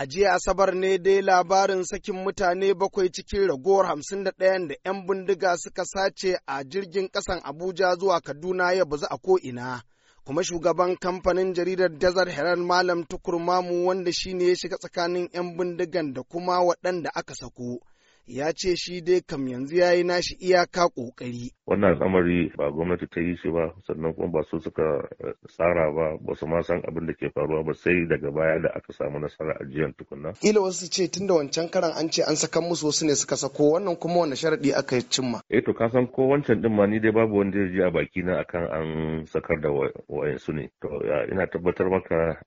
A jiya Asabar ne dai labarin sakin mutane bakwai cikin ragowar hamsin da ɗayan da 'yan bindiga suka sace a jirgin ƙasan Abuja zuwa Kaduna ya bazu a ko'ina. Kuma shugaban kamfanin jaridar Desert Herald Malam Tukur Mamu wanda shi ne ya shiga tsakanin 'yan bindigan da kuma waɗanda aka sako. ya ce shi dai kam yanzu ya yi nashi iyaka ƙoƙari. Wannan al'amari ba gwamnati ta yi shi ba sannan kuma ba su suka eh, tsara ba ba su ma san abin da ke faruwa ba sai daga baya da aka samu nasara a jiyan tukunna. Ila wasu ce tun da wancan karan an ce an sakan musu wasu ne suka sako wannan kuma wani sharaɗi aka yi cimma. E, to ka san ko wancan din ma ni dai babu wanda ji a baki na akan an sakar da wayansu ne. To ina tabbatar maka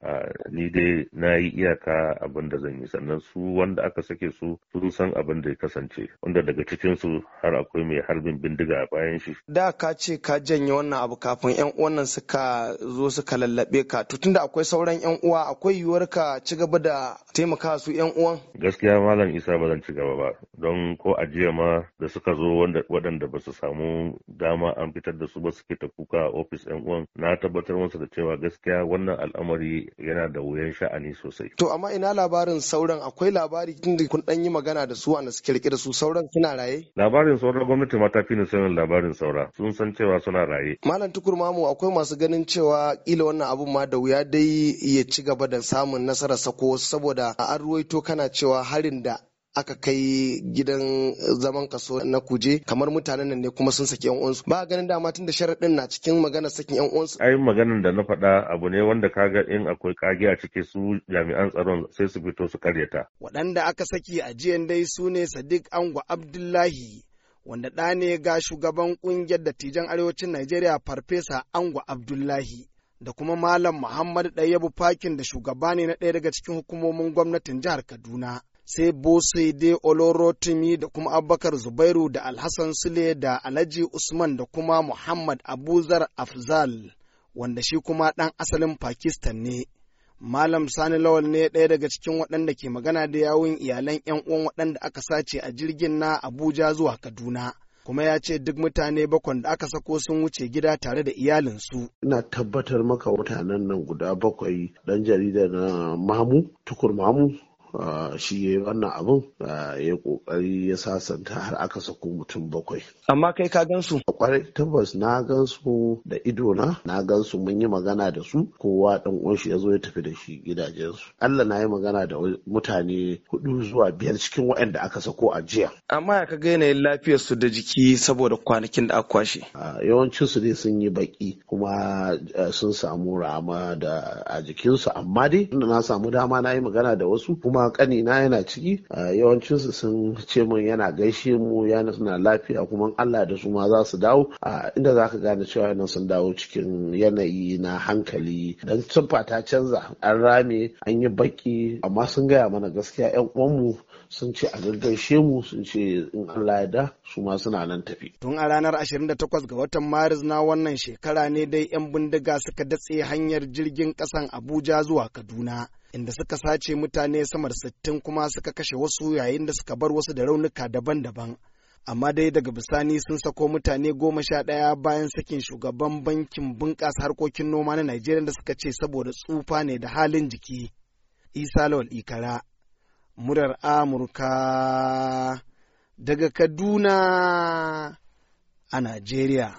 ni dai na yi iyaka abin da zan yi sannan su wanda aka sake su sun san abin da ya kasance wanda daga cikinsu har akwai mai harbin bindiga a bayan shi. Da ka ce ka janye wannan abu kafin 'yan uwan suka zo suka lallabe ka to tunda akwai sauran 'yan uwa akwai yiwuwar ka ci gaba da taimaka su 'yan uwan. Gaskiya malam Isa ba zan ci gaba ba don ko ajiya ma da suka zo waɗanda ba su samu dama an fitar da su ba suke ta kuka a ofis 'yan uwan na tabbatar masa da cewa gaskiya wannan al'amari yana da wuyan sha'ani sosai. To amma ina labarin sauran akwai labari tunda kun ɗan yi magana da su wanda suke kirki da su sauran suna raye? Labarin sauran gwamnati ma ta fi ni sanin labarin saura sun san cewa suna raye. Malam tukur mamu akwai masu ganin cewa kila wannan abun ma da wuya dai ya ci gaba da samun nasarar sako saboda a ruwaito kana cewa harin da aka kai gidan zaman kaso na kuje kamar mutanen nan ne kuma sun saki yan uwansu ba ganin dama tun da sharaɗin na cikin magana sakin yan uwansu ai maganan da na faɗa abu ne wanda kaga in akwai kage a ciki su jami'an tsaron sai su fito su karyata waɗanda aka saki a jiyan dai su ne Sadiq Ango Abdullahi wanda ɗa ne ga shugaban ƙungiyar dattijan arewacin Najeriya Farfesa Angwa Abdullahi da kuma Malam Muhammad Ɗayyabu Fakin da shugaba ne na ɗaya daga cikin hukumomin gwamnatin jihar Kaduna. sai Oloro Olorotimi da kuma Abubakar Zubairu da Alhassan Sule da Alhaji Usman da kuma Muhammad Abuzar Afzal wanda shi kuma ɗan asalin Pakistan ne. Malam Sani Lawal ne ɗaya daga cikin waɗanda ke magana da yawun iyalan 'yan uwan waɗanda aka sace a jirgin na Abuja zuwa Kaduna. kuma ya ce duk mutane bakwan da aka sako sun wuce gida tare da iyalinsu. Ina tabbatar maka mutanen nan guda bakwai ɗan jarida na Mamu, Tukur Mamu, Ah, shi ya wannan abun ah, ya kokari ya sasanta har aka sako mutum bakwai amma kai ka gansu kwarai tabbas na gansu da ido na na gansu mun yi magana da su kowa dan uwan shi ya zo ya tafi da shi gidajensu Allah na yi magana da mutane hudu zuwa biyar cikin waɗanda aka sako a jiya amma ya kaga yanayin lafiyarsu da jiki saboda kwanakin da aka kwashe ah, yawancin su dai sun yi baki kuma sun samu rama da a jikinsu amma dai na samu dama na yi magana da wasu kuma kani kanina yana ciki yawancinsu sun ce min yana gaishe mu yana suna lafiya kuma Allah da su ma za su dawo inda za ka gane cewa yana sun dawo cikin yanayi na hankali dan siffa ta canza an rame an yi baki amma sun gaya mana gaskiya yan uwanmu sun ce a gaggaishe mu sun ce in Allah ya da su ma suna nan tafi. Tun a ranar 28 ga watan Maris na wannan shekara ne dai 'yan bindiga suka datse hanyar jirgin kasan Abuja zuwa Kaduna. inda suka sace mutane sama da sittin kuma suka kashe wasu yayin da suka bar wasu da raunuka daban-daban. Amma dai daga bisani sun sako mutane goma sha ɗaya bayan sakin shugaban bankin bunƙasa harkokin noma na Najeriya da suka ce saboda tsufa ne da halin jiki. Isa Lawal Ikara, murar Amurka daga Kaduna a Najeriya.